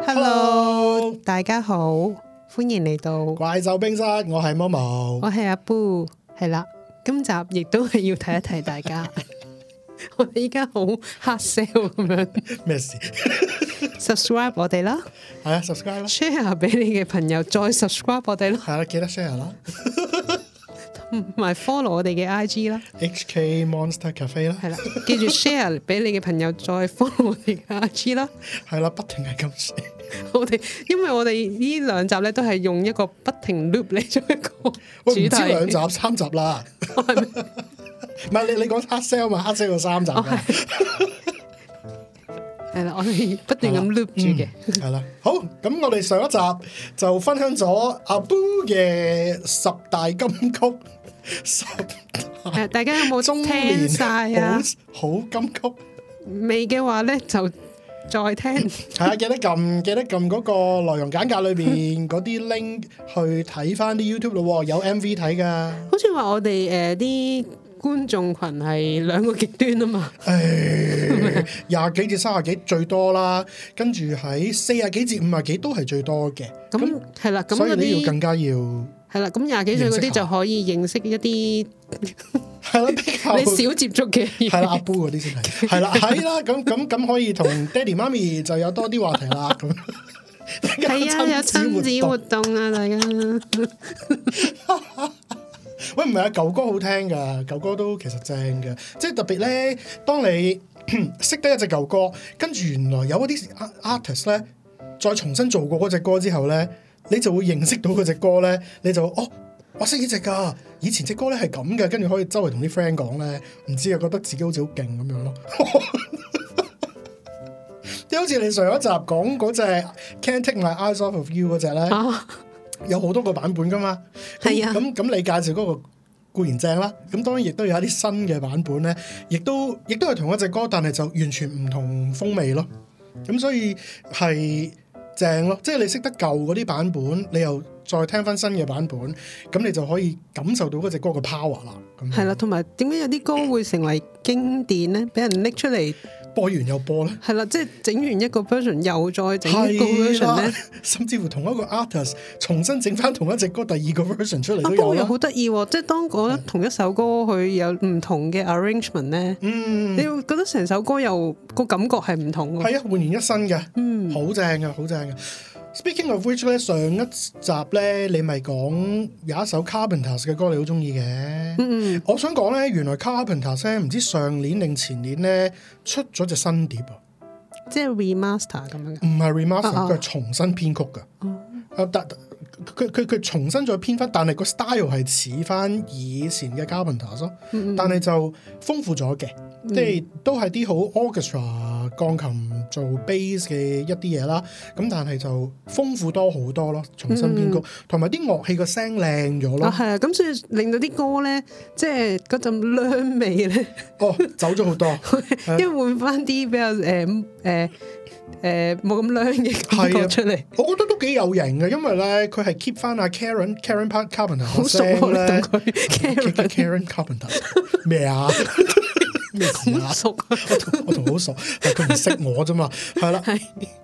Hello，大家好，歡迎嚟到怪獸冰室，我係 Momo，我係阿 Bo，係啦，今集亦都係要提一提大家。我哋依家好黑笑咁樣，咩事？Subscribe 我哋啦，係啊，Subscribe 咯，share 俾你嘅朋友再 Subscribe 我哋咯，係啦，記得 share 啦。埋 follow 我哋嘅 I G 啦，H K Monster Cafe 啦，係啦，記住 share 俾你嘅朋友再 follow 我哋嘅 I G 啦，係啦，不停係咁 share，我哋因為我哋呢兩集咧都係用一個不停 loop 嚟做一個主題，兩集三集啦，唔係你你講黑色啊嘛，黑色個三集，係啦，我哋不斷咁 loop 住嘅，係啦，好，咁我哋上一集就分享咗阿 Bo 嘅十大金曲。十大，大家有冇聽晒啊？好金曲，未嘅話咧就再聽。係啊，記得撳，記得撳嗰個內容簡介裏邊嗰啲 link 去睇翻啲 YouTube 咯，有 MV 睇噶。好似話我哋誒啲觀眾群係兩個極端啊嘛，廿幾至三十幾最多啦，跟住喺四十幾至五十幾都係最多嘅。咁係啦，咁所以你要更加要，係啦，咁廿幾歲嗰啲就可以認識一啲係啦，你少接觸嘅，係 阿波嗰啲先係。係啦，係啦，咁咁咁可以同爹哋媽咪就有多啲話題啦。咁係啊， 有親子活動 啊，大家。喂，唔係啊，舊歌好聽噶，舊歌都其實正嘅，即係特別咧。當你識得一隻舊歌，跟住原來有嗰啲 artist 咧，再重新做過嗰隻歌之後咧。你就會認識到嗰隻歌呢，你就哦，我識呢隻㗎，以前隻歌呢係咁嘅，跟住可以周圍同啲 friend 講呢，唔知啊，又覺得自己好似、哦、 好勁咁樣咯。即好似你上一集講嗰隻 Can't Take My Eyes Off Of You 嗰隻呢，哦、有好多個版本㗎嘛。係啊、哦，咁咁你介紹嗰個固然正啦，咁當然亦都有一啲新嘅版本呢，亦都亦都係同一隻歌，但係就完全唔同風味咯。咁所以係。正咯，即係你識得舊嗰啲版本，你又再聽返新嘅版本，咁你就可以感受到嗰隻歌嘅 power 啦。咁係啦，同埋點解有啲歌會成為經典咧？俾人拎出嚟。播完又播啦，係啦，即係整完一個 version 又再整一個 version 咧，甚至乎同一個 artist 重新整翻同一隻歌第二個 version 出嚟，啊。不過又好得意，即係當我同一首歌佢有唔同嘅 arrangement 咧，嗯，你會覺得成首歌又個感覺係唔同嘅，係啊，煥然一新嘅，嗯，好正㗎，好正㗎。Speaking of which 咧，上一集咧你咪講有一首 Carpenters 嘅歌你好中意嘅，嗯嗯，我想講咧原來 Carpenters 咧唔知上年定前年咧出咗隻新碟 ed，啊，即係 remaster 咁樣嘅，唔係 remaster，佢係重新編曲㗎，但佢佢佢重新再編翻，但係個 style 係似翻以前嘅 Carpenters 咯、嗯嗯，但係就豐富咗嘅，嗯、即係都係啲好 orchestra。鋼琴做 bass 嘅一啲嘢啦，咁但係就豐富多好多咯，重新編曲同埋啲樂器個聲靚咗咯，係啊，咁所以令到啲歌咧，即係嗰陣靚味咧，哦，走咗好多， 因為換翻啲比較誒誒誒冇咁靚嘅感覺出嚟，我覺得都幾有型嘅，因為咧佢係 keep 翻阿 Karen Karen Part Carpenter 嘅聲咧，Karen Carpenter 咩啊？Karen 咩同阿叔？我同我同好熟，係佢唔識我啫嘛。係啦，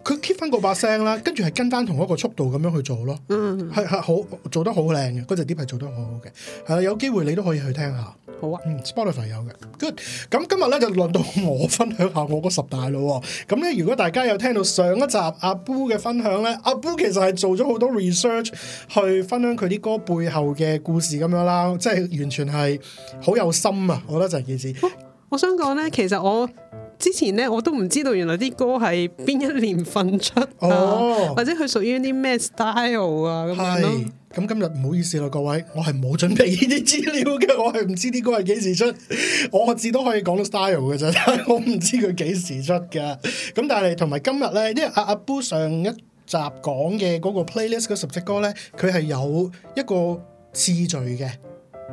佢 keep 翻嗰把聲啦，跟住係跟返同一個速度咁樣去做咯。嗯，係係好做得好靚嘅，嗰隻碟係做得好好嘅。係啦，有機會你都可以去聽下。好啊，嗯，Spotify 有嘅。Good，咁今日咧就輪到我分享下我嗰十大咯。咁咧，如果大家有聽到上一集阿 Bo 嘅分享咧，阿 Bo 其實係做咗好多 research 去分享佢啲歌背後嘅故事咁樣啦，即係完全係好有心啊。我覺得就係件事。哦我想講咧，其實我之前咧，我都唔知道原來啲歌係邊一年份出啊，oh, 或者佢屬於啲咩 style 啊咁是樣咁、嗯、今日唔好意思啦，各位，我係冇準備呢啲資料嘅，我係唔知啲歌係幾時出， 我只都可以講到 style 嘅啫，但我唔知佢幾時出嘅。咁、嗯、但係同埋今日咧，因為阿阿 Boo 上一集講嘅嗰個 playlist 嗰十隻歌咧，佢係有一個次序嘅，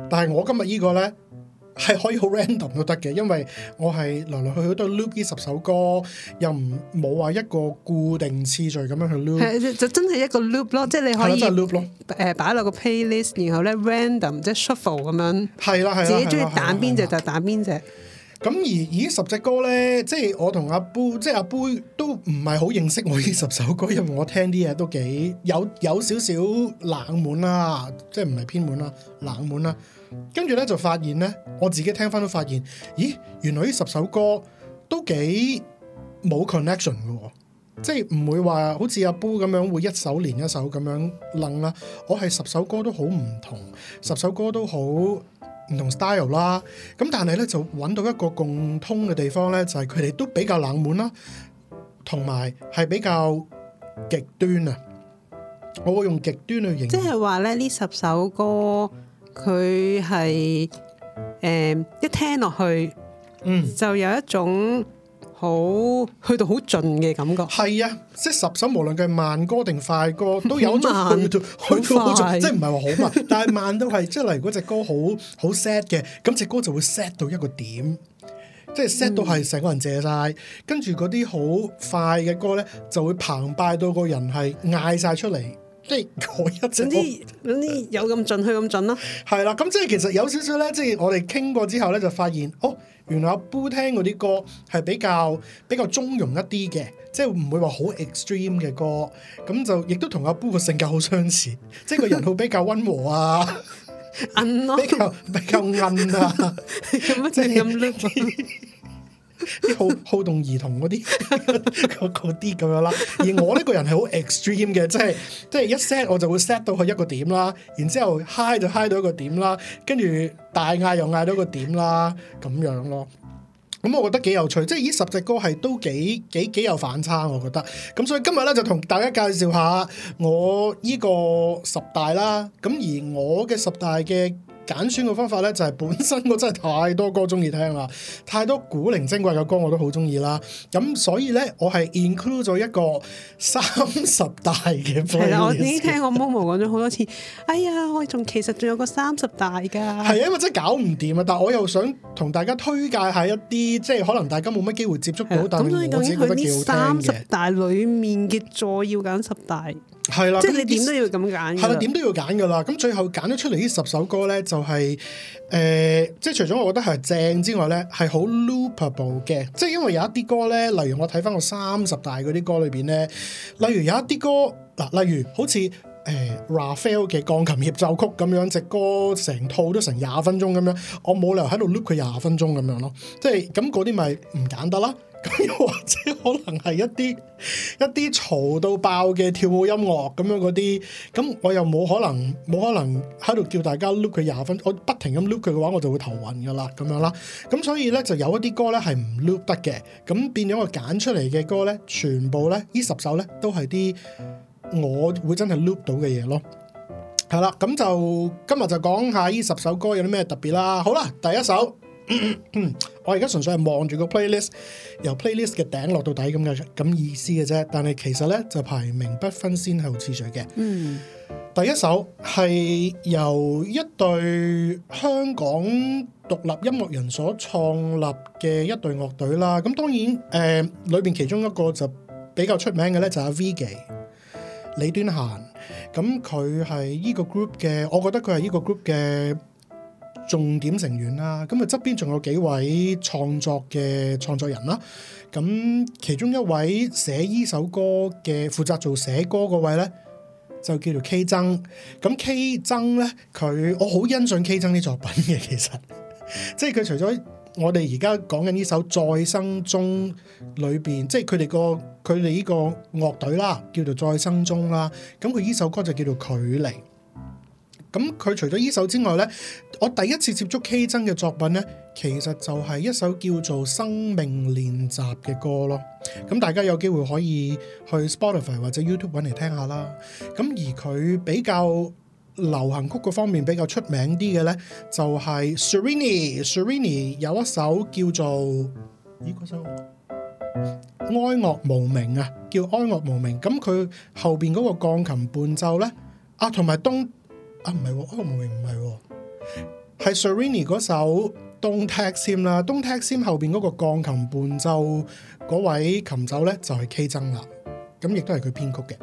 但係我今日呢個咧。係可以好 random 都得嘅，因為我係來來去去都 loop 幾十首歌，又唔冇話一個固定次序咁樣去 loop。係，就真係一個 loop 咯，即係你可以 loop 咯。誒、呃，擺落個 playlist，然後咧 random，即係 shuffle 咁樣。係啦，係啦，自己鍾意彈邊隻就彈邊隻。咁而依十隻歌咧，即係我同阿杯，即係阿杯都唔係好認識我呢十首歌，因為我聽啲嘢都幾有有，有少，少少冷門啦、啊，即係唔係偏門啦、啊，冷門啦、啊。跟住咧就發現呢，我自己聽翻都發現，咦，原來呢十首歌都幾冇 connection 嘅，即係唔會話好似阿 Bo 咁樣會一首連一首咁樣楞啦。我係十首歌都好唔同，十首歌都好唔同 style 啦。咁但係呢，就揾到一個共通嘅地方呢，就係佢哋都比較冷門啦，同埋係比較極端啊。我會用極端去形容，即係話呢呢十首歌。佢係誒一聽落去，嗯，就有一種好去到好盡嘅感覺。係、嗯、啊，即係十首無論佢慢歌定快歌，都有種慢去到快即係唔係話好慢， 但係慢到係即係例如嗰隻歌好好 sad 嘅，咁隻歌就會 sad 到一個點，即係 sad 到係成個人借晒。跟住嗰啲好快嘅歌咧，就會澎湃到個人係嗌晒出嚟。即係嗰一陣，總之總之有咁盡，去咁盡咯。係啦，咁即係其實有少少咧，即係我哋傾過之後咧，就發現哦，原來阿 Bo 聽嗰啲歌係比較比較中庸一啲嘅，即係唔會話好 extreme 嘅歌，咁就亦都同阿 Bo 嘅性格好相似，即係個人好比較溫和啊，比較比較硬啊，咁就係咁叻。 啲好好動兒童嗰啲嗰啲咁樣啦， 那 那 那 而我呢個人係好 extreme 嘅，即係即係一 set 我就會 set 到去一個點啦，然之後 high 就 high 到一個點啦，跟住大嗌又嗌到一個點啦，咁樣咯。咁、嗯、我覺得幾有趣，即係呢十隻歌係都幾幾幾有反差，我覺得。咁所以今日咧就同大家介紹下我呢個十大啦，咁而我嘅十大嘅。揀選嘅方法咧，就係本身我真係太多歌中意聽啦，太多古靈精怪嘅歌我都好中意啦。咁所以咧，我係 include 咗一個三十大嘅。係啦，我已經聽我 Momo 講咗好多次。哎呀，我仲其實仲有個三十大噶。係啊，因為真係搞唔掂啊！但我又想同大家推介下一啲，即係可能大家冇乜機會接觸到，的但係究竟佢叫三十大裏面嘅，再要揀十大。係啦，即係你點都要咁揀，係啦，點都要揀噶啦。咁最後揀咗出嚟呢十首歌咧，就係、是、誒、呃，即係除咗我覺得係正之外咧，係好 loopable 嘅。即係因為有一啲歌咧，例如我睇翻我三十大嗰啲歌裏邊咧，例如有一啲歌嗱，例如好似。誒、欸、Rafael 嘅鋼琴協奏曲咁樣，隻歌成套都成廿分鐘咁樣，我冇理由喺度 loop 佢廿分鐘咁樣咯。即係咁嗰啲咪唔揀得啦。咁又或者可能係一啲一啲嘈到爆嘅跳舞音樂咁樣嗰啲，咁我又冇可能冇可能喺度叫大家 loop 佢廿分，我不停咁 loop 佢嘅話，我就會頭暈㗎喇咁樣啦。咁所以咧，就有一啲歌咧係唔 loop 得嘅。咁變咗我揀出嚟嘅歌咧，全部咧呢十首咧都係啲。我會真係 loop 到嘅嘢咯，係啦，咁就今日就講下呢十首歌有啲咩特別啦。好啦，第一首， 我而家純粹係望住個 playlist 由 playlist 嘅頂落到底咁嘅咁意思嘅啫。但係其實呢，就排名不分先後次序嘅。嗯、第一首係由一對香港獨立音樂人所創立嘅一隊樂隊啦。咁當然誒，裏、呃、邊其中一個就比較出名嘅呢，就係阿 V G。李端嫻，咁佢係呢個 group 嘅，我覺得佢係呢個 group 嘅重點成員啦。咁啊側邊仲有幾位創作嘅創作人啦。咁其中一位寫呢首歌嘅負責做寫歌嗰位咧，就叫做 K 曾。咁 K 曾咧，佢我好欣賞 K 曾啲作品嘅，其實即係佢除咗。我哋而家講緊呢首再生中》裏邊，即係佢哋個佢哋呢個樂隊啦，叫做再生中》啦。咁佢呢首歌就叫做距離。咁佢除咗呢首之外呢，我第一次接觸 K 真嘅作品呢，其實就係一首叫做《生命練習》嘅歌咯。咁大家有機會可以去 Spotify 或者 YouTube 揾嚟聽下啦。咁而佢比較。流行曲嗰方面比較出名啲嘅咧，就係、是、Serrini，Serrini 有一首叫做咦，嗰首哀樂無名啊，叫哀樂無名。咁佢後邊嗰個鋼琴伴奏咧，啊同埋冬啊，唔係，哀樂無名唔係，係、哦、Serrini 嗰首 Don't、啊 Don't Text Him 啦 Don't Text Him 後邊嗰個鋼琴伴奏嗰位琴手咧，就係、是、K 曾啦。咁亦都係佢編曲嘅，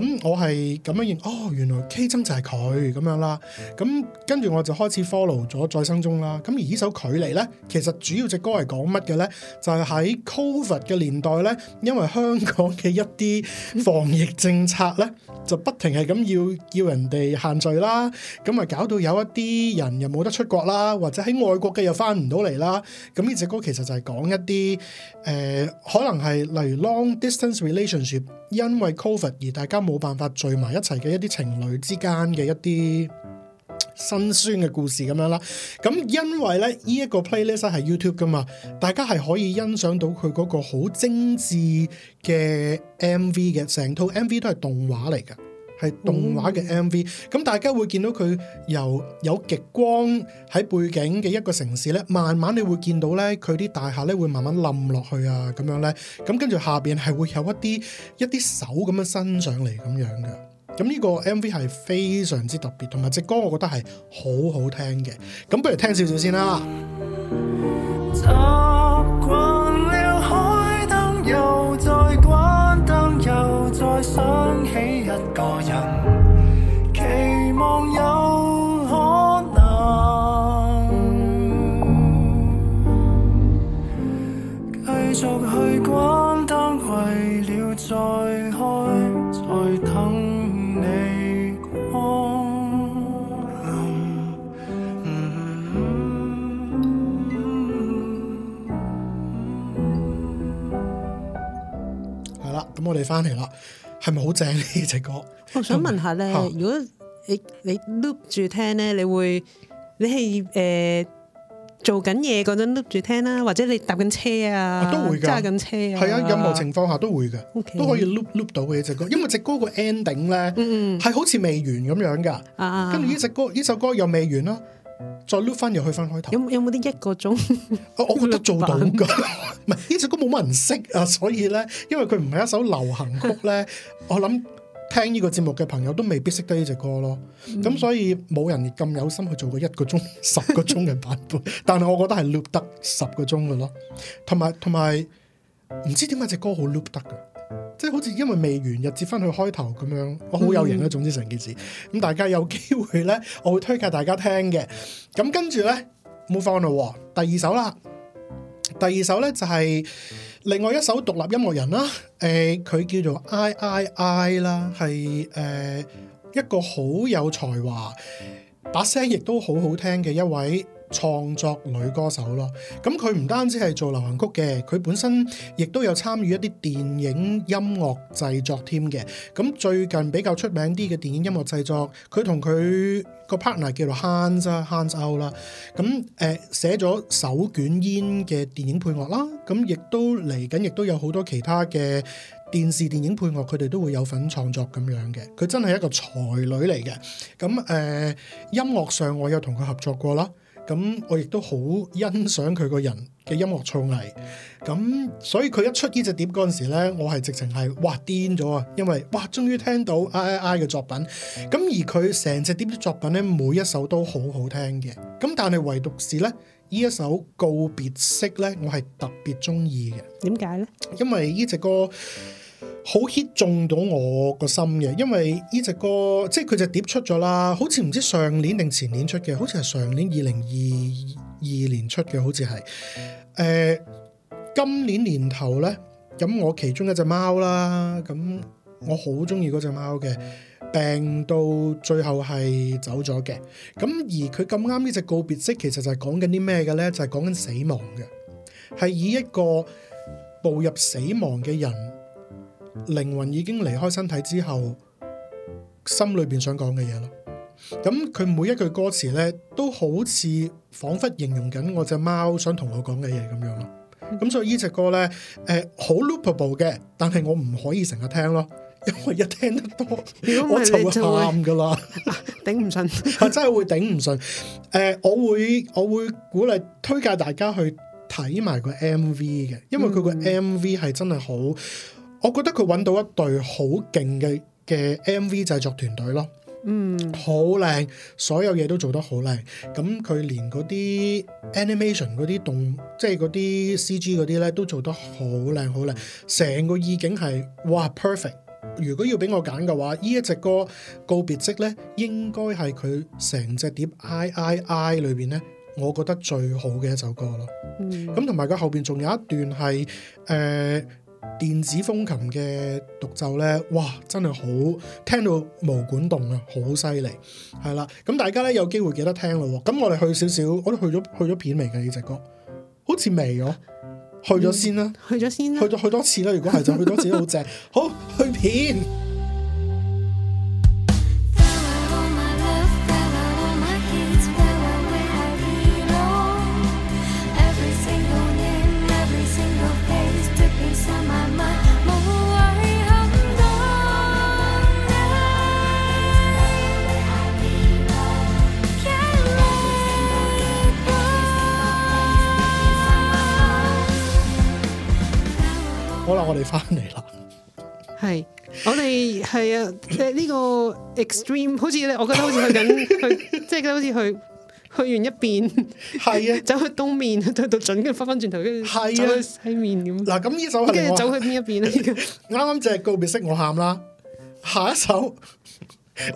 咁我係咁樣認，哦，原來 K 曾就係佢咁樣啦。咁跟住我就開始 follow 咗再生中啦。咁而呢首距離咧，其實主要隻歌係講乜嘅咧？就係、是、喺 COVID 嘅年代咧，因為香港嘅一啲防疫政策咧，就不停係咁要叫人哋限聚啦。咁啊搞到有一啲人又冇得出國啦，或者喺外國嘅又返唔到嚟啦。咁呢隻歌其實就係講一啲誒、呃，可能係例如 long distance relationship。因為 Covid 而大家冇辦法聚埋一齊嘅一啲情侶之間嘅一啲辛酸嘅故事咁樣啦，咁因為咧呢一個 playlist 係 YouTube 噶嘛，大家係可以欣賞到佢嗰個好精緻嘅 MV 嘅，成套 MV 都係動畫嚟嘅。係動畫嘅 MV，咁大家會見到佢由有極光喺背景嘅一個城市咧，慢慢你會見到咧佢啲大廈咧會慢慢冧落去啊，咁樣咧，咁跟住下邊係會有一啲一啲手咁樣伸上嚟咁樣嘅，咁呢個 MV 係非常之特別，同埋隻歌我覺得係好好聽嘅，咁不如聽少少先啦。 再想起一個人，期望有。啦，咁、嗯、我哋翻嚟啦，係咪好正呢隻歌？ 我想問下咧，是是如果你你 loop 住聽咧，你會你係誒、呃、做緊嘢嗰陣 loop 住聽啦，或者你搭緊車啊，揸緊車啊，係啊，啊，任何情況下都會嘅，Okay. 都可以 loop loop 到嘅呢隻歌，因為隻歌個 ending 咧，係好似未完咁樣噶，跟住呢隻歌呢首歌又未完啦。再 loop 翻，又去翻開頭，有有冇啲一個鐘？我 我覺得做到噶，唔係呢隻歌冇乜人識啊，所以呢，因為佢唔係一首流行曲呢， 我諗聽呢個節目嘅朋友都未必識得呢隻歌咯，咁、嗯、所以冇人咁有心去做個一個鐘、十個鐘嘅版本， 但係我覺得係 loop 得十個鐘嘅咯，同埋同埋唔知點解隻歌好 loop 得嘅即係好似因為未完，又接翻去開頭咁樣，我好有型啦。總之成、啊嗯、件事，咁大家有機會呢，我會推介大家聽嘅。咁跟住呢，move on 第二首啦，第二首呢就係另外一首獨立音樂人啦。誒、呃，佢叫做 I I I 啦，係誒、呃、一個好有才華，把聲亦都好好聽嘅一位。創作女歌手咯，咁佢唔單止係做流行曲嘅，佢本身亦都有參與一啲電影音樂製作添嘅。咁最近比較出名啲嘅電影音樂製作，佢同佢個 partner 叫做 Hans 啦 Hans O 啦。咁、呃、誒寫咗《手捲煙》嘅電影配樂啦，咁亦都嚟緊，亦都有好多其他嘅電視電影配樂，佢哋都會有份創作咁樣嘅。佢真係一個才女嚟嘅。咁誒、呃、音樂上我有同佢合作過啦。咁我亦都好欣賞佢個人嘅音樂創意，咁所以佢一出呢隻碟嗰陣時咧，我係直情係嘩，癲咗啊！因為嘩，終於聽到 I I I 嘅作品，咁而佢成隻碟啲作品咧，每一首都好好聽嘅，咁但係唯獨是咧呢一首告別式咧，我係特別鍾意嘅。點解咧？因為呢隻歌。好 hit 中到我個心嘅，因為呢隻歌即係佢隻碟出咗啦，好似唔知上年定前年出嘅，好似係上年二零二二年出嘅，好似係。誒、呃，今年年頭咧，咁我其中一隻貓啦，咁我好中意嗰隻貓嘅，病到最後係走咗嘅。咁而佢咁啱呢隻告別式，其實就係講緊啲咩嘅咧？就係講緊死亡嘅，係以一個步入死亡嘅人。靈魂已經離開身體之後，心裏邊想講嘅嘢咯。咁佢每一句歌詞咧，都好似仿佛形容緊我隻貓想同我講嘅嘢咁樣咯。咁、嗯、所以呢隻歌咧，誒、呃，好 loopable 嘅，但係我唔可以成日聽咯，因為一聽得多，我就會喊噶啦，頂唔順，係、啊、 真係會頂唔順。誒、 呃，我會我會鼓勵推介大家去睇埋個 MV 嘅，因為佢個 MV 係真係好。嗯嗯我覺得佢揾到一隊好勁嘅嘅 MV 製作團隊咯，嗯，好靚，所有嘢都做得好靚。咁佢連嗰啲 animation 嗰啲動，即係嗰啲 CG 嗰啲咧，都做得好靚好靚。成、嗯、個意境係哇 perfect。如果要俾我揀嘅話，呢一隻歌《告別式》呢，應該係佢成隻碟 III 裏邊呢，我覺得最好嘅一首歌咯。咁同埋佢後邊仲有一段係誒，呃電子風琴嘅獨奏咧，哇，真係好聽到毛管動啊，好犀利，係啦。咁大家咧有機會記得聽咯。咁我哋去少少，我、哎、都去咗去咗片未嘅呢隻歌，好似未咗，去咗先啦，嗯、去咗先啦，去咗去多次啦。如果係就去多次都 好正，好，去片。好啦，我哋翻嚟啦。係，我哋係啊，即係呢個 extreme，好似咧，我覺得好似去緊 去，即係好似去去完一邊，係啊的，走去東面去到准，跟住翻翻轉頭，跟住係啊去西面咁。嗱，咁呢首跟住走去邊一邊咧？啱啱就係告別式，我喊啦，下一首。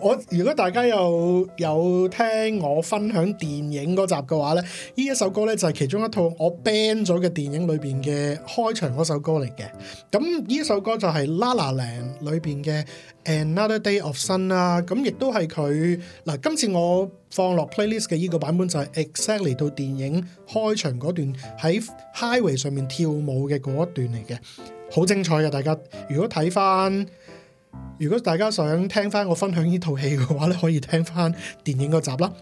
我如果大家有有聽我分享電影嗰集嘅話呢，呢一首歌呢就係、是、其中一套我 ban 咗嘅電影裏邊嘅開場嗰首歌嚟嘅。咁、嗯、呢首歌就係、是、La La Land 裏邊嘅 Another Day of Sun 啦。咁、啊嗯、亦都係佢嗱，今次我放落 playlist 嘅呢個版本就係 exactly 嚟到電影開場嗰段喺 highway 上面跳舞嘅嗰一段嚟嘅，好精彩嘅。大家如果睇翻。如果大家想聽翻我分享呢套戲嘅話咧，可以聽翻電影嗰集啦。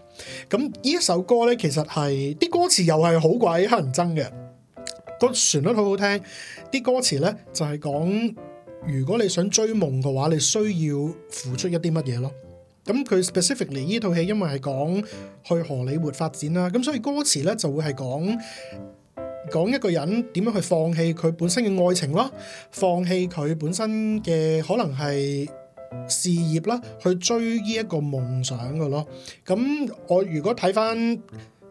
咁呢一首歌咧，其實係啲歌詞又係好鬼乞人憎嘅，都旋律好好聽。啲歌詞咧就係講，如果你想追夢嘅話，你需要付出一啲乜嘢咯。咁佢 specifically 呢套戲因為係講去荷里活發展啦，咁所以歌詞咧就會係講。講一個人點樣去放棄佢本身嘅愛情咯，放棄佢本身嘅可能係事業啦，去追呢一個夢想嘅咯。咁我如果睇翻，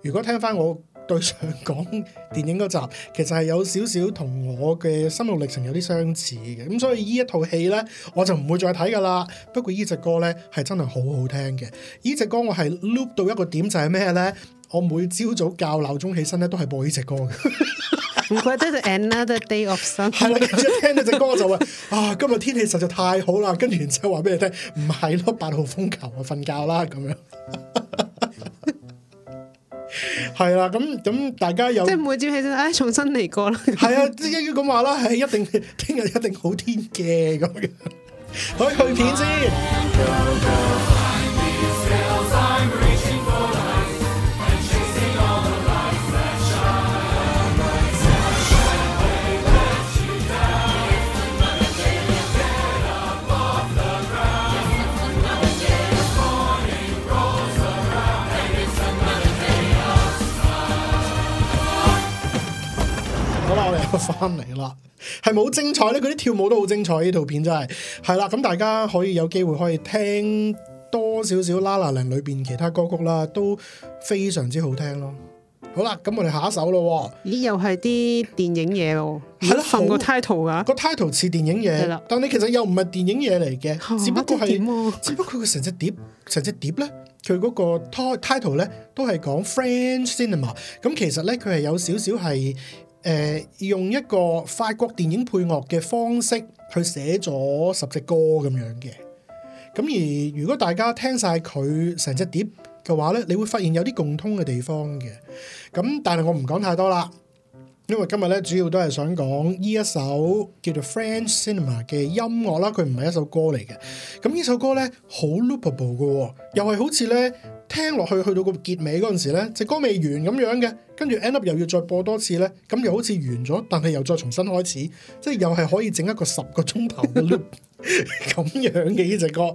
如果聽翻我對上講電影嗰集，其實係有少少同我嘅心路歷程有啲相似嘅。咁所以呢一套戲呢，我就唔會再睇噶啦。不過呢隻歌呢，係真係好好聽嘅。呢隻歌我係 loop 到一個點就係咩呢？我每朝早教鬧鐘起身咧，都係播呢隻歌嘅。唔怪得就 Another Day of Sun。係啦，一聽呢隻歌我就話：啊，今日天氣實在太好啦！跟住然之後話俾你聽，唔係咯，八號風球啊，瞓覺啦咁樣。係啦，咁咁大家又即係每朝起身，哎，重新嚟過啦。係啊，即係一於咁話啦，係一定，聽日一定好天嘅咁樣。可以去片先。翻嚟啦，係冇精彩咧。佢啲跳舞都好精彩，呢套片真係係啦。咁大家可以有機會可以聽多少少《La La Land》裏邊其他歌曲啦，都非常之好聽咯。好啦，咁我哋下一首咯。咦，又係啲電影嘢喎？係咯，個 title 啊，個 title 似電影嘢，的但你其實又唔係電影嘢嚟嘅，哦、只不過係，啊啊、只不過佢成隻碟，成隻碟咧，佢嗰個 title 咧都係講 French cinema。咁其實咧，佢係有少少係。誒、嗯、用一個法國電影配樂嘅方式去寫咗十隻歌咁樣嘅，咁而如果大家聽晒佢成隻碟嘅話呢，你會發現有啲共通嘅地方嘅，咁但係我唔講太多啦。因為今日咧，主要都係想講呢一首叫做 French Cinema 嘅音樂啦，佢唔係一首歌嚟嘅。咁呢首歌咧，好 loopable 嘅哦，又係好似咧聽落去，去到個結尾嗰陣時咧，隻歌未完咁樣嘅，跟住 end up 又要再播多次咧，咁又好似完咗，但係又再重新開始，即係又係可以整一個十個鐘頭嘅 loop 咁 樣嘅呢隻歌，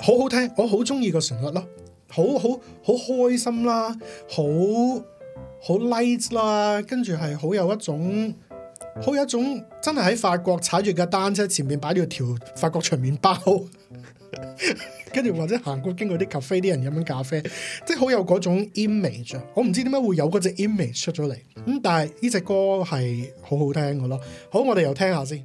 好好聽，我好中意個旋律咯，好好好,好開心啦，好。好 light 啦，跟住係好有一種，好有一種真係喺法國踩住架單車，前面擺住條法國長麵包，跟 住或者行過經過啲 cafe 啲人飲緊咖啡，即係好有嗰種 image。我唔知點解會有嗰隻 image 出咗嚟，咁但係呢隻歌係好好聽㗎囉。好，我哋又聽下先。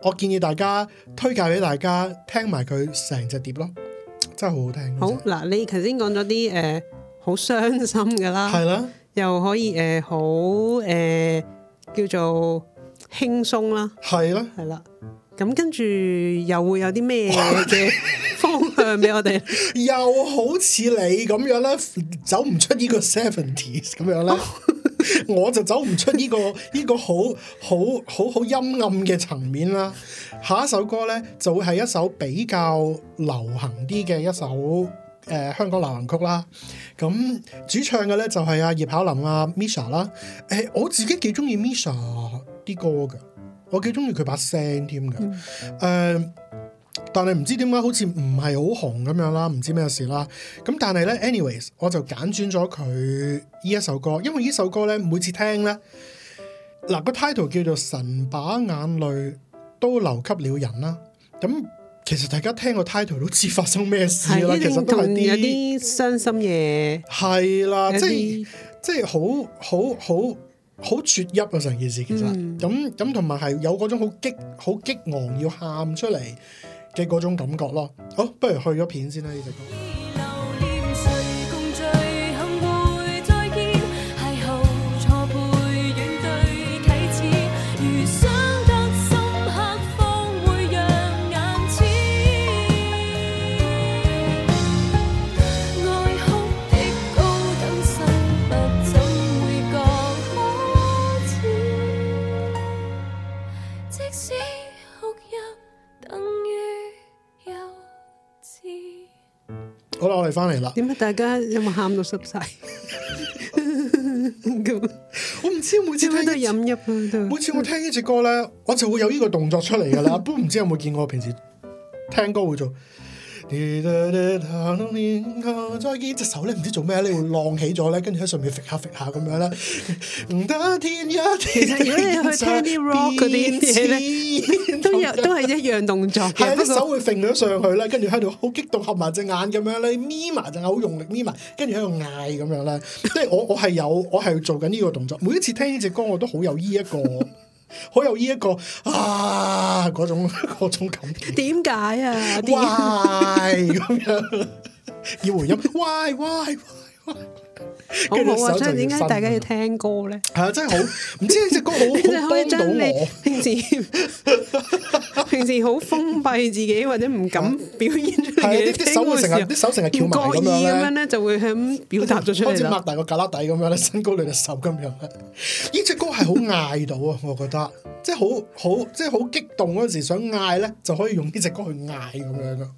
我建議大家推介俾大家聽埋佢成隻碟咯，真係好好聽。好嗱，已你頭先講咗啲誒，好、呃、傷心噶啦，係啦的，又可以誒，好、呃、誒、呃，叫做輕鬆啦，係啦的，係啦的。咁、嗯、跟住又會有啲咩嘅方向俾我哋？ 又好似你咁樣啦，走唔出個 s, 呢個 seventies 咁樣啦。哦 我就走唔出呢、這個呢、 這個這個好好好好陰暗嘅層面啦。下一首歌呢，就會係一首比較流行啲嘅一首誒、呃、香港流行曲啦。咁主唱嘅呢，就係阿葉巧琳啊 Misha 啦。誒、欸，我自己幾中意 Misha 啲歌噶，我幾中意佢把聲添噶。誒、嗯。呃但係唔知點解好似唔係好紅咁樣啦，唔知咩事啦。咁但係咧，anyways，我就揀轉咗佢呢一首歌，因為呢首歌咧每次聽咧，嗱個 title 叫做《神把眼淚都留給了人》啦。咁其實大家聽個 title 都知發生咩事啦些、啊。其實都係啲啲傷心嘢。係啦、嗯，即係即係好好好好啜泣啊！成件事其實咁咁同埋係有嗰種好激好激昂要喊出嚟嘅嗰種感覺咯，好，啊，不如去咗片先啦，呢隻歌。翻嚟啦！點解大家有冇喊到濕晒？我唔知，每次聽都飲泣啊！ 每次我聽呢隻歌咧，我就會有呢個動作出嚟噶啦。唔 知有冇見過？平時聽歌會做。啲啦啦啦！再見，隻手咧唔知做咩咧，會浪起咗咧，跟住喺上面揈下揈下咁樣啦。唔得，天一！ 其實如果你去聽啲 rock 佢啲都都係一樣動作，係啲 手會揈咗上去咧，跟住喺度好激動，合埋隻眼咁樣咧，眯埋就好用力眯埋，跟住喺度嗌咁樣啦。即係我我係有我係做緊呢個動作，每一次聽呢隻歌我都好有依、這、一個。 好有呢、這、一個啊，嗰種嗰種感，點解啊 ？Why 咁樣要回音？Why？Why？Why？我冇啊！所以點解大家要聽歌咧？係啊，真係好唔知呢隻歌好好幫到我。平時啊，平時好封閉自己或者唔敢表現出嚟嘅，啲手會成日啲手成日翹埋咁樣咧，就會係咁表達咗出嚟，好似擘大個格粒底咁樣咧，身高對隻手咁樣。呢隻歌係好嗌，到啊！我覺得即係好好即係好激動嗰陣時想嗌咧，就可以用呢隻歌去嗌咁樣咯。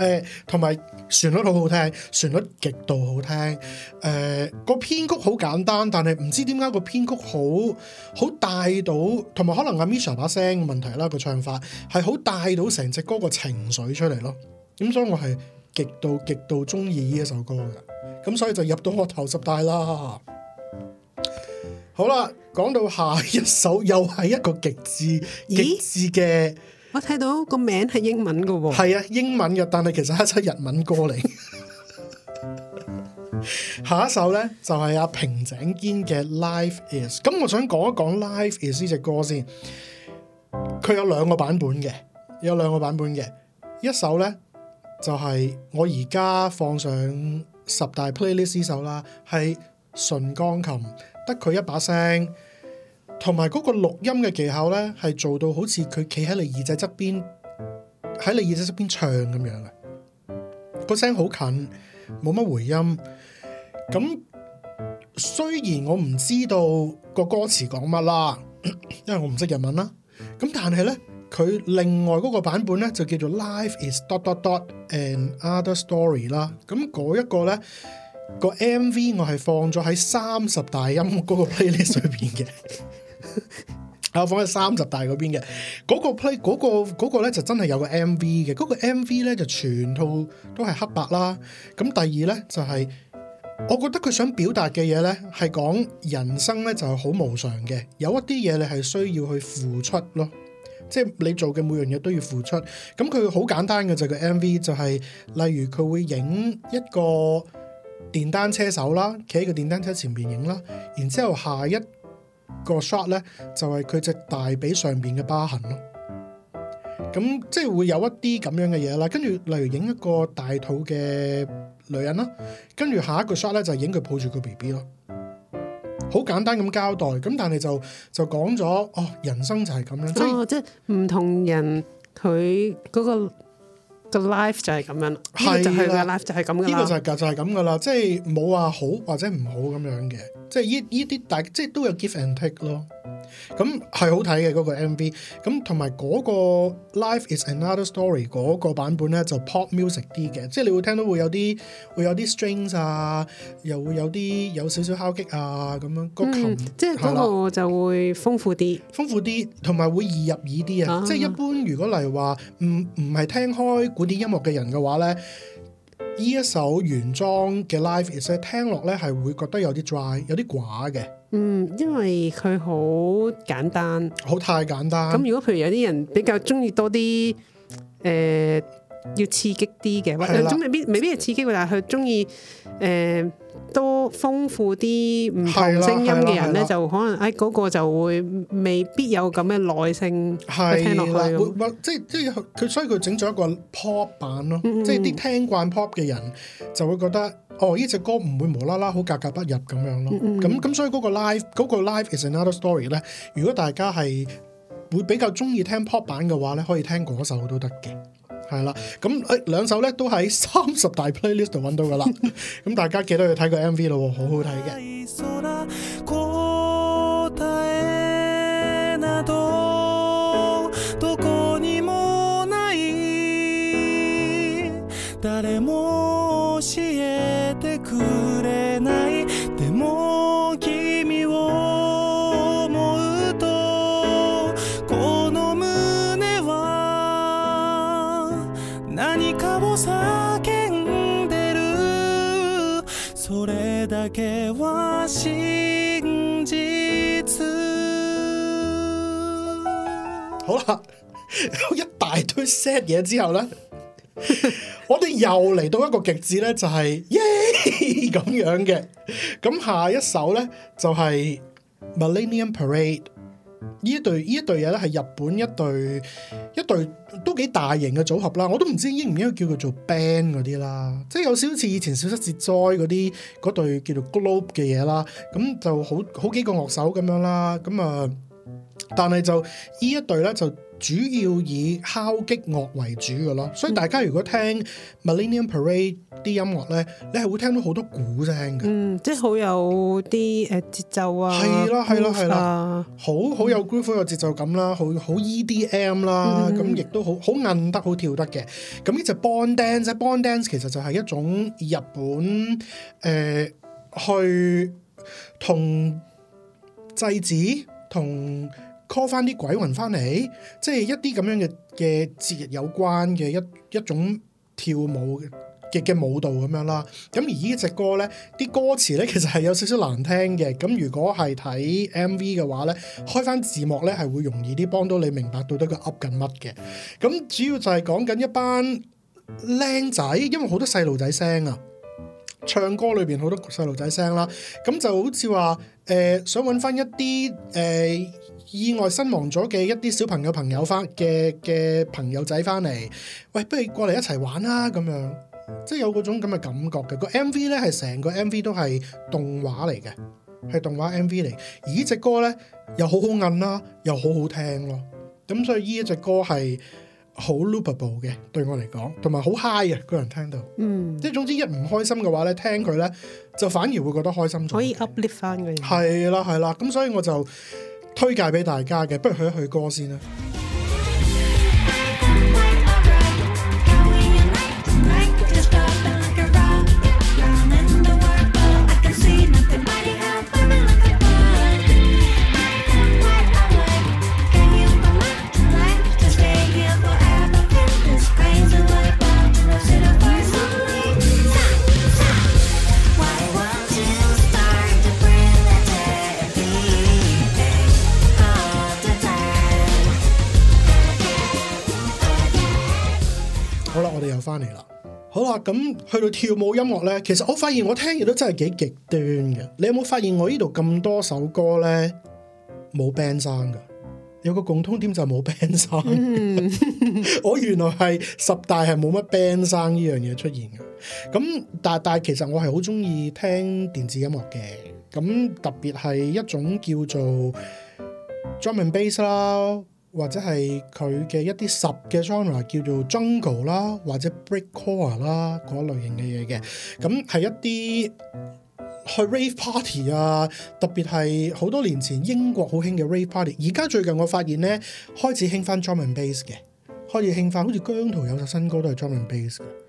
誒，同埋旋律好好聽，旋律極度好聽。誒。個編曲好簡單，但係唔知點解個編曲好好帶到，同埋可能阿 Misha 把聲嘅問題啦，個唱法係好帶到成隻歌個情緒出嚟咯。咁所以我係極度極度中意呢一首歌嘅，咁所以就入到我頭十大啦。好啦，講到下一首又係一個極致極咦致嘅，我睇到個名係英文噶喎，係啊，英文嘅，但係其實係一首日文歌嚟。下一首呢，就係阿平井堅嘅 Life Is，咁我想講一講 Life Is 呢隻歌先。佢有兩個版本嘅，有兩個版本嘅。一首呢，就係我而家放上十大 Playlist 呢首啦，係純鋼琴，得佢一把聲，同埋嗰個錄音嘅技巧呢，係做到好似佢企喺你耳仔側邊，喺你耳仔側邊唱咁樣啊，個聲好近，冇乜回音。咁雖然我唔知道個歌詞講乜啦，因為我唔識日文啦。咁但係咧，佢另外嗰個版本咧就叫做《Life Is》dot dot dot and other story 啦。咁嗰一個咧個 M V 我係放咗喺三十大音樂嗰個 playlist 裏邊嘅，係 我放喺三十大嗰邊嘅。嗰、那個 play 嗰、那個嗰、那個咧就真係有個 M V 嘅。嗰、那個 M V 咧就全套都係黑白啦。咁第二咧就係、是。我覺得佢想表達嘅嘢呢，係講人生呢就係好無常嘅，有一啲嘢你係需要去付出咯，即係你做嘅每樣嘢都要付出。咁佢好簡單嘅就個 MV 就係，例如佢會影一個電單車手啦，企喺個電單車前面影啦，然之後下一個 shot 呢，就係佢隻大髀上面嘅疤痕咯。咁、嗯、即係會有一啲咁樣嘅嘢啦，跟住例如影一個大肚嘅女人啦，跟住下一個 shot 咧就影佢抱住個 BB 咯，好簡單咁交代。咁但係就就講咗哦，人生就係咁樣，即係即係唔同人佢嗰、那個、那個 life、那個、就係咁樣，呢的個就係個 life 就係、是、咁。呢個、嗯、就係就係咁噶啦。即係冇話好或者唔好咁樣嘅，即係依依啲大即係都有 give and take 咯。咁係、嗯、好睇嘅嗰個 M V，咁同埋嗰個 Life Is Another Story 嗰、嗰個版本咧就 pop music 啲嘅，即係你會聽到會有啲會有啲 strings 啊，又會有啲有少少敲擊啊咁樣，個琴、嗯、即係嗰個就會豐富啲，豐富啲，同埋會易入耳啲啊！即係一般如果嚟話唔唔係聽開古典音樂嘅人嘅話咧，呢一首原裝嘅 Life Is 聽落咧係會覺得有啲 dry，有啲寡嘅。嗯，因為佢好簡單，好太簡單。咁如果譬如有啲人比較中意多啲，誒、呃，要刺激啲嘅，或者中未必未必係刺激嘅，但係佢中意誒多豐富啲唔同聲音嘅人咧，就可能誒嗰、哎那個就會未必有咁嘅耐性的聽落去。即係即係佢，所以佢整咗一個 pop 版咯，嗯嗯即係啲聽慣 pop 嘅人就會覺得。哦，呢隻歌唔會無啦啦好格格不入咁樣咯，咁咁、mm hmm. 所以嗰個 live 嗰個 live is another story 咧，如果大家係會比較中意聽 pop 版嘅話咧，可以聽嗰首都得嘅，係啦，咁誒、欸、兩首咧都喺三十大 playlist 度揾到噶啦，咁 大家記得去睇個 MV 咯喎，好好睇嘅。set 嘢之後咧， 我哋又嚟到一個極致咧，就係耶咁樣嘅。咁下一首咧就係、是、Millennium Parade。呢一隊呢一隊嘢咧係日本一隊一隊都幾大型嘅組合啦。我都唔知應唔應該叫佢做 band 嗰啲啦，即係有少少似以前小室哲哉嗰啲嗰隊叫做 Globe 嘅嘢啦。咁就好好幾個樂手咁樣啦。咁啊，但係就呢一隊咧就。主要以敲擊樂為主嘅咯，所以大家如果聽 Millennium Parade 啲音樂咧，你係會聽到好多鼓聲嘅，嗯，即係好有啲誒節奏啊，係啦係啦係啦，好好有 groove 好有節奏感啦，好好 EDM 啦，咁亦、嗯、都好好韌得好跳得嘅。咁呢隻 Bond Dance，Bond Dance 其實就係一種日本誒、呃、去同祭祀同。call 翻啲鬼魂翻嚟，即係一啲咁樣嘅嘅節日有關嘅一一種跳舞嘅嘅舞蹈咁樣啦。咁而呢隻歌咧，啲歌詞咧其實係有少少難聽嘅。咁如果係睇 MV 嘅話咧，開翻字幕咧係會容易啲，幫到你明白到底佢噏緊乜嘅。咁主要就係講緊一班靚仔，因為好多細路仔聲啊，唱歌裏邊好多細路仔聲啦。咁就好似話誒，想揾翻一啲誒。呃意外身亡咗嘅一啲小朋友朋友翻嘅嘅朋友仔翻嚟，喂，不如過嚟一齊玩啦咁樣即係有種咁嘅感覺嘅。個 M V 咧係成個 M V 都係動畫嚟嘅，係動畫 M V 嚟。而呢隻歌咧又好好摁啦，又好好聽咯。咁所以呢一隻歌係好 loopable 嘅，對我嚟講，同埋好嗨嘅，個人聽到。嗯，即係總之一唔開心嘅話咧，聽佢咧就反而會覺得開心可以 uplift 翻嘅。係啦，係啦，咁所以我就。推介俾大家嘅，不如去一去歌先啦。咁去到跳舞音樂咧，其實我發現我聽嘢都真係幾極端嘅。你有冇發現我呢度咁多首歌咧冇 band 聲噶？有個共通點就冇 band 聲。 我原來係十大係冇乜 band 聲呢樣嘢出現嘅。咁但係但係其實我係好中意聽電子音樂嘅。咁特別係一種叫做 drum and bass 啦。或者係佢嘅一啲十嘅 genre 叫做 jungle 啦，或者 breakcore 啦嗰類型嘅嘢嘅，咁係一啲去 rave party 啊，特別係好多年前英國好興嘅 rave party，而家最近我發現咧開始興翻 drum and bass 嘅，開始興翻，好似姜濤有首新歌都係 drum and bass 㗎。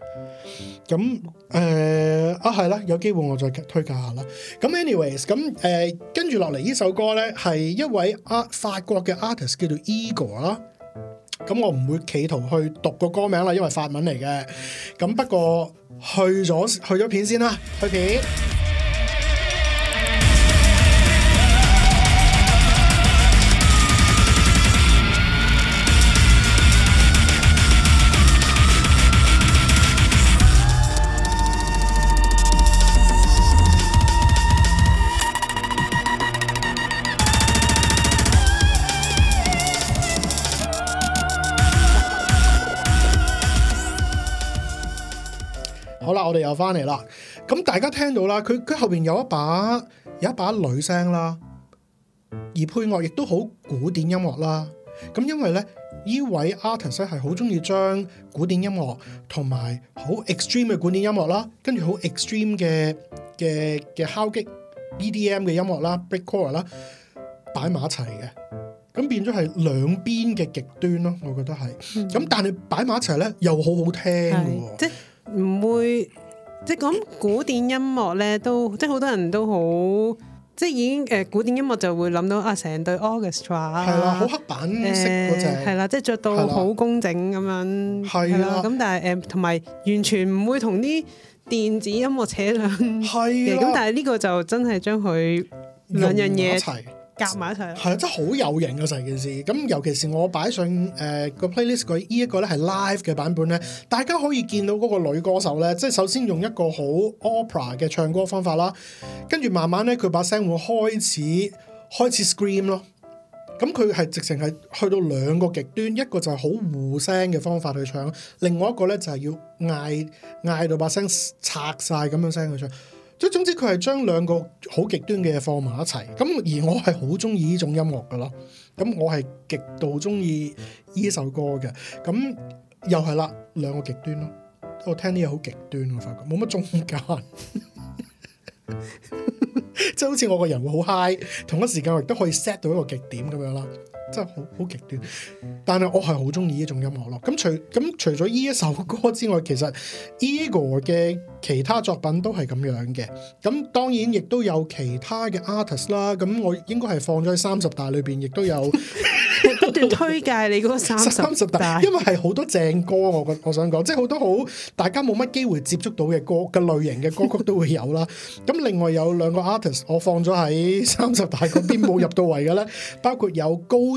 咁誒、呃、啊係啦，有機會我再推介下啦。咁 anyways，咁誒跟住落嚟呢首歌咧，係一位阿、啊、法國嘅 artist 叫做 Igorrr 啦。咁我唔會企圖去讀個歌名啦，因為法文嚟嘅。咁不過去咗去咗片先啦，去片。就翻嚟啦，咁、嗯、大家聽到啦，佢佢後邊有一把有一把女聲啦，而配樂亦都好古典音樂啦。咁、嗯、因為咧，依位 artist 係好中意將古典音樂同埋好 extreme 嘅古典音樂啦，跟住好 extreme 嘅嘅嘅敲擊 EDM 嘅音樂啦 breakcore 啦，擺埋一齊嘅。咁變咗係兩邊嘅極端咯，我覺得係。咁、嗯嗯、但係擺埋一齊咧，又好好聽，即係唔會。即係講古典音樂咧，都即係好多人都好，即係已經誒古典音樂就會諗到啊，成隊 orchestra 係啦，好黑板色嗰隻係啦，即係着到好工整咁樣係啦，咁、啊啊、但係誒同埋完全唔會同啲電子音樂扯上係啦，咁、啊、但係呢個就真係將佢兩樣嘢。夾埋一齊，係啊，真係好有型啊！成件事咁，尤其是我擺上誒、呃、個 playlist 佢呢一個咧係 live 嘅版本咧，大家可以見到嗰個女歌手咧，即係首先用一個好 opera 嘅唱歌方法啦，跟住慢慢咧佢把聲會開始開始 scream 咯，咁佢係直情係去到兩個極端，一個就係好糊聲嘅方法去唱，另外一個咧就係要嗌嗌到把聲拆晒咁樣聲去唱。即係總之佢係將兩個好極端嘅嘢放埋一齊，咁而我係好中意呢種音樂嘅咯，咁我係極度中意呢首歌嘅，咁又係啦，兩個極端咯，我聽啲嘢好極端，我發覺冇乜中間，即 係好似我個人會好 high，同一時間我亦都可以 set 到一個極點咁樣啦。真係好好極端，但係我係好中意呢種音樂咯。咁除咁除咗呢一首歌之外，其實 Igorrr 嘅其他作品都係咁樣嘅。咁當然亦都有其他嘅 artist 啦。咁我應該係放咗喺三十大裏邊，亦都有不斷推介你嗰個三三十大，因為係好多正歌。我覺我想講，即係好多好大家冇乜機會接觸到嘅歌嘅類型嘅歌曲都會有啦。咁 另外有兩個 artist 我放咗喺三十大嗰邊冇入到位嘅咧，包括有高。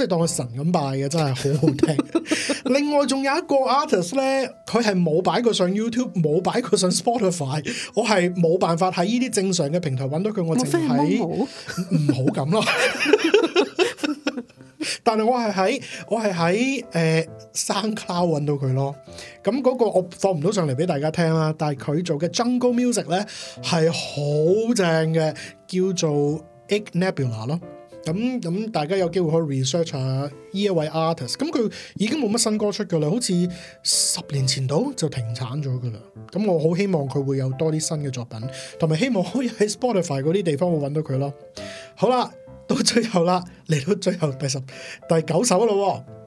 即係當佢神咁拜嘅，真係好好聽。 另外仲有一個 artist 咧，佢係冇擺佢上 YouTube，冇擺佢上 Spotify，我係冇辦法喺呢啲正常嘅平台揾到佢。我淨係唔好咁咯。 但係我係喺我係喺誒、呃、SoundCloud 揾到佢咯。咁嗰個我放唔到上嚟俾大家聽啦。但係佢做嘅 Jungle Music 咧係好正嘅，叫做 Ig Nebula 咯。咁咁大家有機會可以 research 下呢一位 artist，咁佢已經冇乜新歌出㗎啦，好似十年前到就停產咗㗎啦。咁我好希望佢會有多啲新嘅作品，同埋希望可以喺 Spotify 嗰啲地方會揾到佢咯。好啦，到最後啦，嚟到最後第十第九首啦喎。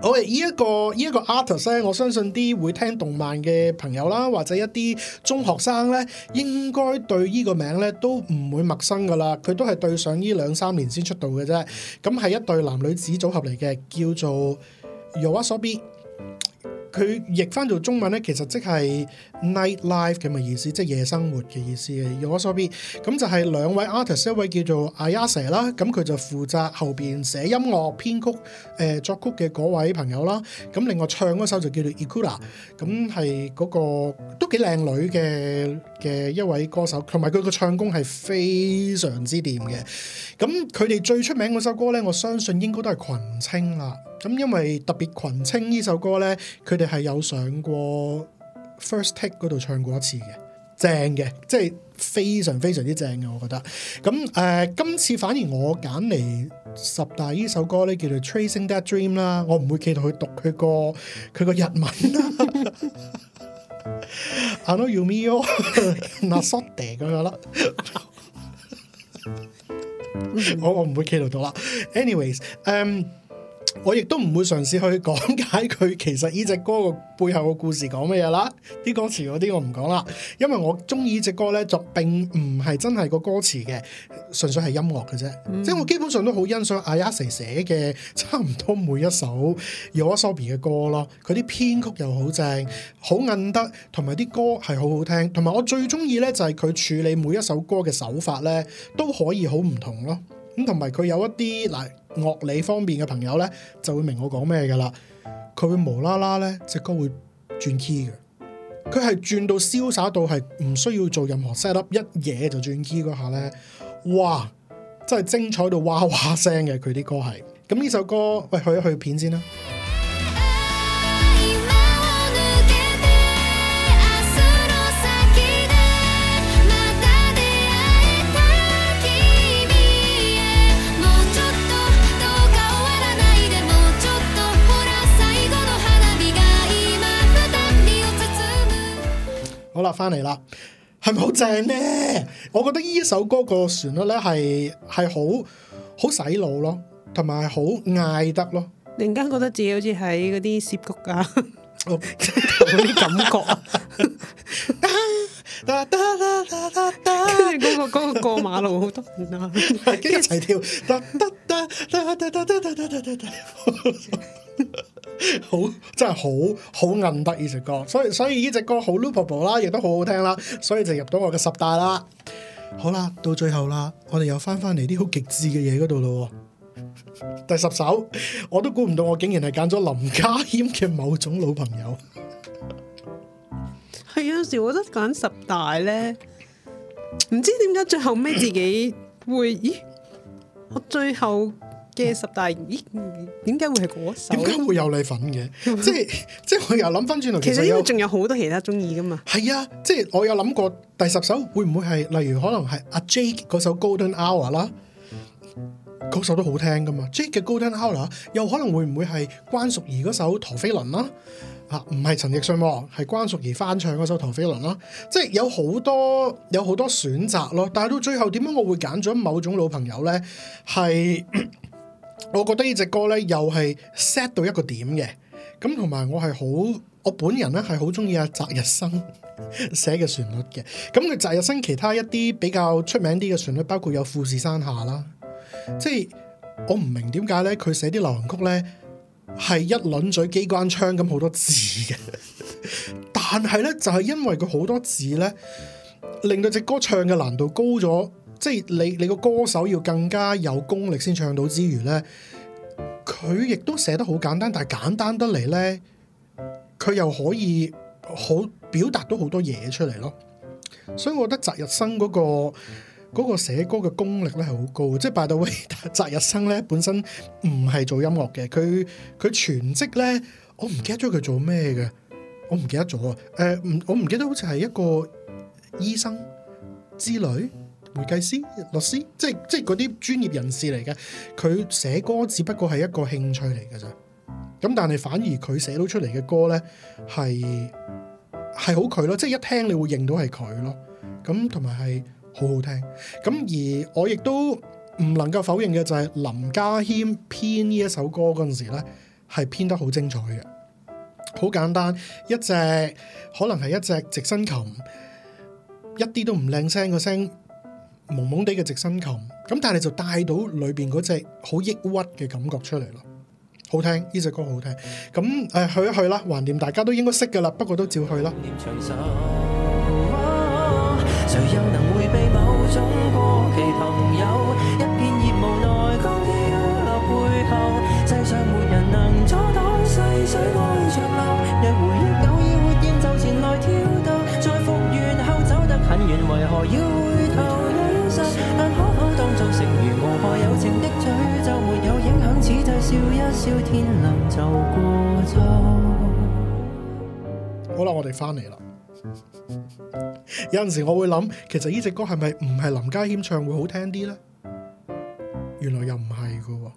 好，哋呢一個呢一、這個 artist 咧，我相信啲會聽動漫嘅朋友啦，或者一啲中學生咧，應該對呢個名咧都唔會陌生噶啦。佢都係對上呢兩三年先出道嘅啫。咁係一對男女子組合嚟嘅，叫做 YOASOBI。佢譯翻做中文咧，其實即係 night life 嘅意思，即係夜生活嘅意思嘅。YOASOBI 咁就係兩位 artist，一位叫做 Ayase 啦，咁佢就負責後邊寫音樂編曲誒、呃、作曲嘅嗰位朋友啦。咁另外唱嗰首就叫做 Ikura，咁係嗰個都幾靚女嘅嘅一位歌手，同埋佢嘅唱功係非常之掂嘅。咁佢哋最出名嗰首歌咧，我相信應該都係《群青》啦。咁因為特別群青呢首歌咧，佢哋係有上過 First Take 嗰度唱過一次嘅，正嘅，即係非常非常之正嘅，我覺得。咁誒，今次反而我揀嚟十大呢首歌咧，叫做 Tracing That Dream 啦，我唔會企圖去讀佢個佢個日文啦。I know you me yo, 나소대咁樣啦。我唔會企圖讀啦。Anyways，嗯。我亦都唔會嘗試去講解佢其實呢隻歌個背後個故事講咩嘢啦，啲歌詞嗰啲我唔講啦，因為我中意呢隻歌咧，就並唔係真係個歌詞嘅，純粹係音樂嘅啫。嗯、即係我基本上都好欣賞阿 Ayase 寫嘅差唔多每一首 YOASOBI 嘅歌咯，佢啲編曲又好正，好韌得，同埋啲歌係好好聽，同埋我最中意咧就係佢處理每一首歌嘅手法咧都可以好唔同咯。咁同埋佢有一啲嗱樂理方面嘅朋友咧，就會明我講咩㗎喇。佢會無啦啦咧，隻歌會轉 key 嘅，佢係轉到瀟灑到係唔需要做任何 set up，一嘢就轉 key 嗰下咧，哇！真係精彩到哇哇聲嘅佢啲歌係。咁呢首歌，喂，去一去片先啦。好啦，翻嚟啦，係咪好正咧？我覺得呢一首歌個旋律咧係係好好洗腦咯，同埋好嗌得咯。突然間覺得自己好似喺嗰啲澀谷啊，嗰 啲感覺啊，跟住嗰個嗰、嗰個過馬路好多，跟住 一齊跳其實 好真係好好硬得意隻歌，所以所以呢隻歌好 loopable 啦，亦都好好聽啦，所以就入到我嘅十大啦。好啦，到最後啦，我哋又翻翻嚟啲好極致嘅嘢嗰度咯。 第十首，我都估唔到我竟然係揀咗林家謙嘅某種老朋友。係有陣時，我覺得揀十大呢，唔知點解最後尾自己會， 咦我最後。嘅十大語咦？點解會係嗰首？點解會有你份嘅？即係即係我又諗翻轉頭，其實因為仲有好多其他中意噶嘛。係啊，即係我有諗過第十首會唔會係例如可能係阿 Jake 嗰首 Golden Hour 啦，嗰首都好聽噶嘛。Jake 嘅 Golden Hour 又可能會唔會係關淑怡嗰首《陀飛輪》啦？啊，唔係陳奕迅喎、啊，係關淑怡翻唱嗰首《陀飛輪》啦。即係有好多有好多選擇咯。但係到最後點解我會揀咗某種老朋友咧？係。 我覺得呢隻歌咧又係 set 到一個點嘅，咁同埋我係好，我本人咧係好中意阿澤日生寫 嘅旋律嘅。咁佢澤日生其他一啲比較出名啲嘅旋律，包括有富士山下啦。即係我唔明點解咧，佢寫啲流行曲咧係一輪嘴機關槍咁好多字嘅， 但係咧就係、是、因為佢好多字咧，令到隻歌唱嘅難度高咗。即係你你個歌手要更加有功力先唱到之餘呢，佢亦都寫得好簡單，但係簡單得嚟呢，佢又可以好表達到好多嘢出嚟咯。所以我覺得澤日生嗰、那個嗰、那個寫歌嘅功力咧係好高，即係拜到喂。澤日生呢本身唔係做音樂嘅，佢佢全職呢，我唔記得咗佢做咩嘅，我唔記得咗。誒、呃，我唔記得好似係一個醫生之類。會計師、律師，即係即係嗰啲專業人士嚟嘅。佢寫歌只不過係一個興趣嚟嘅咋。咁但係反而佢寫到出嚟嘅歌咧，係係好佢咯，即係一聽你會認到係佢咯。咁同埋係好好聽。咁而我亦都唔能夠否認嘅就係林家謙編呢一首歌嗰陣時咧，係編得好精彩嘅。好簡單，一隻可能係一隻直、直身琴，一啲都唔靚聲個聲。蒙蒙地嘅直身琴，咁但係就帶到裏邊嗰隻好抑鬱嘅感覺出嚟咯，好聽，呢隻歌好聽，咁、嗯、誒，去一去啦，橫掂大家都應該識噶啦，不過都照去啦。誰又能能某種朋友一片熱無奈光落背後世上沒人能細水愛流。若要就前來走得很遠，為何要笑一笑，天亮就過早。好啦，我哋翻嚟啦。 有陣時我會諗，其實呢隻歌係咪唔係林家謙唱會好聽啲咧？原來又唔係噶，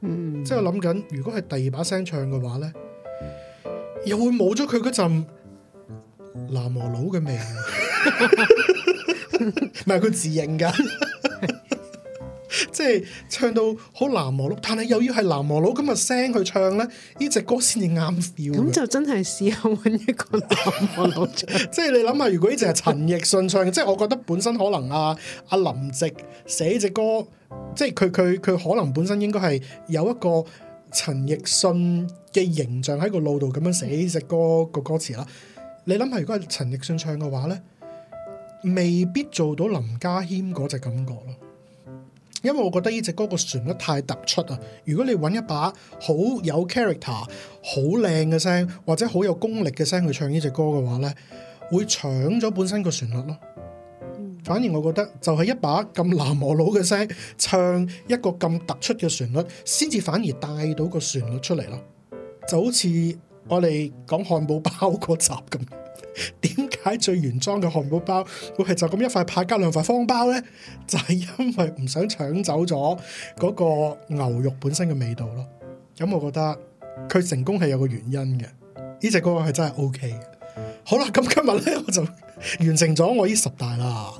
嗯，即係我諗緊，如果係第二把聲唱嘅話咧，又會冇咗佢嗰陣南無佬嘅味，唔係佢自認噶。 即係唱到好難忘佬，但係又要係難忘佬咁嘅聲去唱呢，呢隻歌先至啱 feel。咁就真係試下搵一個難忘佬。即係你諗下，如果呢隻係陳奕迅唱嘅， 即係我覺得本身可能阿、啊、阿、啊、林夕寫呢隻歌，即係佢佢佢可能本身應該係有一個陳奕迅嘅形象喺個腦度咁樣寫呢隻歌個歌詞啦。嗯、你諗下，如果係陳奕迅唱嘅話呢，未必做到林家謙嗰隻感覺咯。因為我覺得呢隻歌個旋律太突出啊！如果你揾一把好有 character、好靚嘅聲，或者好有功力嘅聲去唱呢隻歌嘅話呢，會搶咗本身個旋律咯。反而我覺得就係一把咁難磨老嘅聲唱一個咁突出嘅旋律，先至反而帶到個旋律出嚟咯。就好似我哋講漢堡包嗰集咁。點解最原裝嘅漢堡包會係就咁一塊扒加兩塊方包呢，就係因為唔想搶走咗嗰個牛肉本身嘅味道咯。咁我覺得佢成功係有個原因嘅，呢隻歌係真係 OK 嘅。好啦，咁今日呢，我就完成咗我呢十大啦。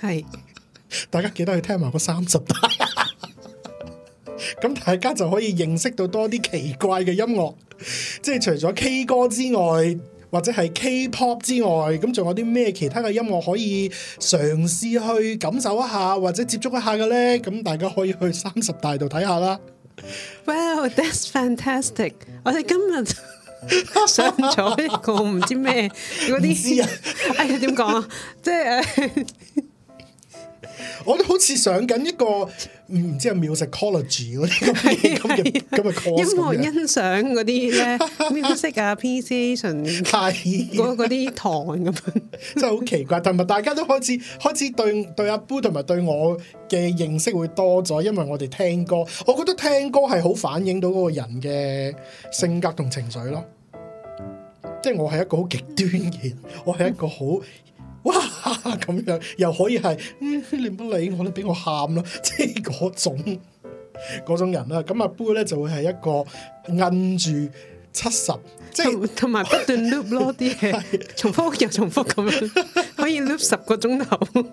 係 是，大家記得去聽埋嗰三十大，咁 大家就可以認識到多啲奇怪嘅音樂， 即係除咗 K 歌之外。或者係 K-pop 之外，咁仲有啲咩其他嘅音樂可以嘗試去感受一下，或者接觸一下嘅呢？咁大家可以去三十大度睇下啦。Well，that's fantastic！我哋今日上咗一個唔知咩嗰啲，哎呀，點講啊？即係我都好似上緊一個。唔知係秒食 college 嗰啲咁咁嘅 course 咁樣，因為我欣賞嗰啲咧 music appreciation 嗰啲堂咁樣，真係好奇怪。同埋 大家都開始 開始對對阿 Bo 同埋對我嘅認識會多咗，因為我哋聽歌，我覺得聽歌係好反映到嗰個人嘅性格同情緒咯。即係我係一個好極端嘅人，我係一個好。 哇咁樣又可以係、嗯、你唔好理我啦，俾我喊啦，即係嗰種嗰 種人啦。咁、那、阿、個、杯咧就會係一個摁住七十，即係同埋不斷 loop 咯啲嘢， 的重複又重複咁樣， 可以 loop 十個鐘頭。唔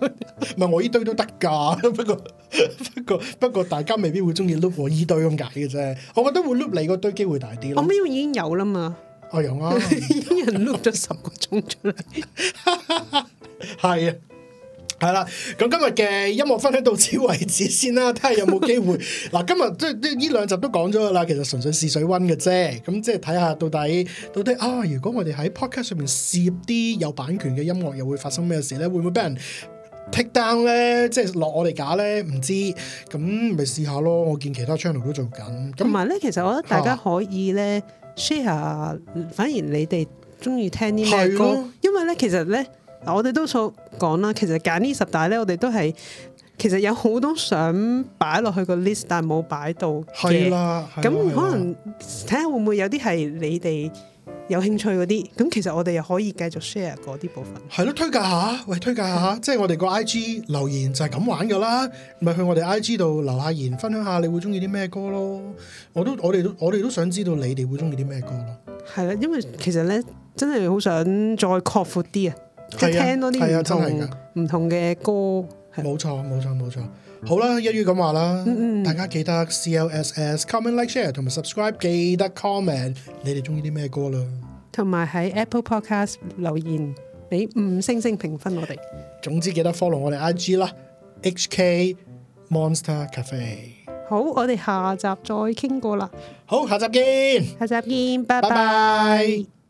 係我依堆都得噶，不過不過不過大家未必會中意 loop 我依堆咁解嘅啫。我覺得會 loop 你嗰堆機會大啲咯。我咩已經有啦嘛，我有啊，已人 loop 咗十個鐘出嚟。 係啊，係啦，咁今日嘅音樂分享到此為止先啦，睇下有冇機會。嗱， 今日即係呢兩集都講咗噶啦，其實純粹試水温嘅啫，咁即係睇下到底到底啊，如果我哋喺 podcast 上面攝啲有版權嘅音樂，又會發生咩事咧？會唔會俾人 take down 咧？即係落我哋架咧？唔知咁咪試下咯。我見其他 channel 都做緊，同埋咧，其實我覺得大家可以咧 share，啊，反而你哋中意聽啲咩歌？係嘅。因為咧，其實咧。嗱，我哋都數講啦，其實揀呢十大咧，我哋都係其實有好多想擺落去個 list，但係冇擺到。係啦，咁可能睇下會唔會有啲係你哋有興趣嗰啲，咁其實我哋又可以繼續 share 嗰啲部分。係咯，推介下，喂，推介下，即係我哋個 I G 留言就係咁玩噶啦，咪去我哋 I G 度留下言，分享下你會中意啲咩歌咯。我都，我哋都，我哋都想知道你哋會中意啲咩歌咯。係啦，因為其實咧真係好想再擴闊啲啊。係、啊、聽多啲啊，真係唔同唔同嘅歌，冇錯冇錯冇錯。好啦，一於咁話啦，嗯嗯，大家記得 CLS，comment like share 同埋 subscribe，記得 comment 你哋中意啲咩歌啦。同埋喺 Apple Podcast 留言俾五星星評分我哋。總之記得 follow 我哋 IG 啦，HK Monster Cafe。好，我哋下集再傾過啦。好，下集見，下集見，bye bye 拜拜。